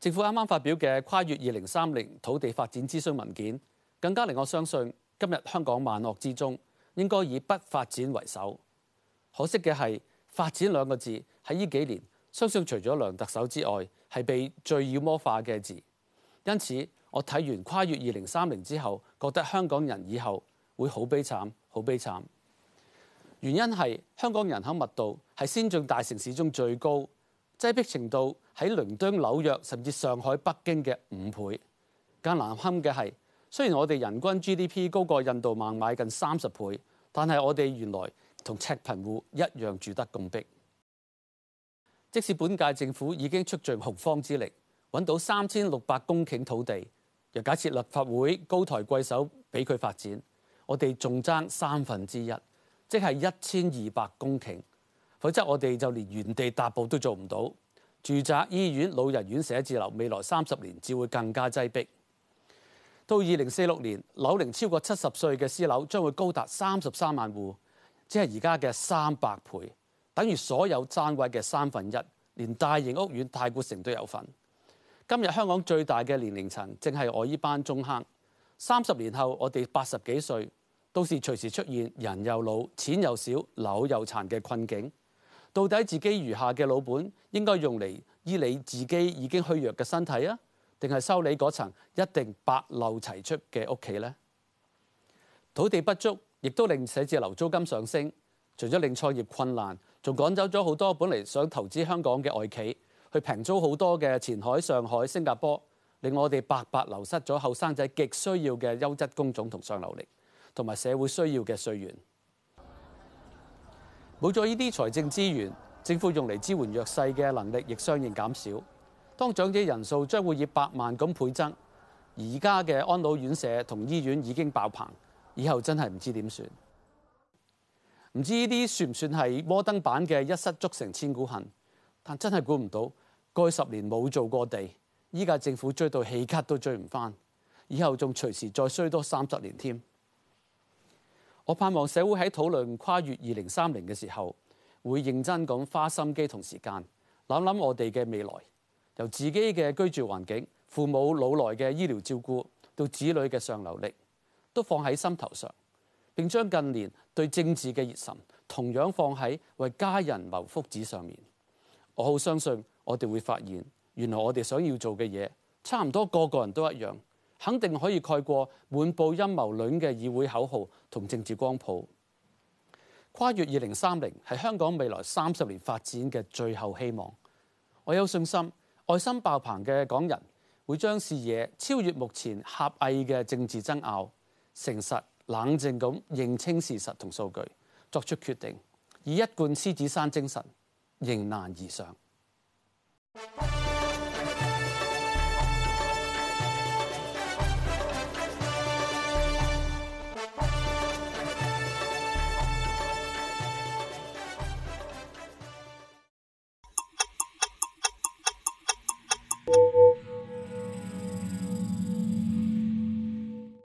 政府啱啱發表嘅《跨越二零三零土地發展諮詢文件》，更加令我相信今日香港萬惡之中，應該以不發展為首。可惜嘅係發展兩個字喺呢幾年，相信除咗梁特首之外，係被最妖魔化嘅字。因此，我睇完《跨越二零三零》之後，覺得香港人以後會好悲慘，好悲慘。原因係香港人口密度係先進大城市中最高。擠迫程度喺倫敦、紐約甚至上海、北京嘅五倍。更難堪嘅係，雖然我哋人均 GDP 高過印度孟買近三十倍，但係我哋原來同赤貧戶一樣住得咁逼。即使本屆政府已經出盡洪荒之力，揾到三千六百公頃土地，又假設立法會高抬貴手俾佢發展，我哋仲爭三分之一，即係一千二百公頃。否則我哋就連原地踏步都做唔到。住宅、醫院、老人院、寫字樓，未來三十年只會更加擠迫。到二零四六年，樓齡超過七十歲嘅私樓將會高達三十三萬戶，即係而家嘅三百倍，等於所有爭位嘅三分一，連大型屋苑、太古城都有份。今日香港最大嘅年齡層，正係我呢班中坑。三十年後，我哋八十幾歲，都是隨時出現人又老、錢又少、樓又殘嘅困境。到底自己餘下嘅老本應該用嚟醫你自己已經虛弱嘅身體啊，定係修理嗰層一定百漏齊出嘅屋企呢？土地不足，亦都令寫字樓租金上升，除咗令創業困難，仲趕走咗好多本嚟想投資香港嘅外企，去平租好多嘅前海、上海、新加坡，令我哋白白流失咗後生仔極需要嘅優質工種同上流力，同埋社會需要嘅稅源。冇咗呢啲財政資源，政府用嚟支援弱勢嘅能力亦相應減少。當長者人數將會以百萬咁倍增，而家嘅安老院舍同醫院已經爆棚，以後真係唔知點算。唔知呢啲算唔算係摩登版嘅一失足成千古恨？但真係估唔到，過去十年冇做過地，依家政府追到氣咳都追唔翻，以後仲隨時再衰多三十年添。我盼望社會喺討論跨越二零三零嘅時候，會認真咁花心機同時間，諗諗我哋嘅未來，由自己嘅居住環境、父母老來嘅醫療照顧到子女嘅上流力，都放喺心頭上。並將近年對政治嘅熱忱，同樣放喺為家人謀福祉上面。我好相信我哋會發現，原來我哋想要做嘅嘢，差唔多個個人都一樣。肯定可以蓋過滿布陰謀論嘅議會口號同政治光譜。跨越二零三零係香港未來三十年發展嘅最後希望。我有信心，愛心爆棚嘅港人會將視野超越目前狹隘嘅政治爭拗，誠實冷靜咁認清事實同數據，作出決定，以一貫獅子山精神迎難而上。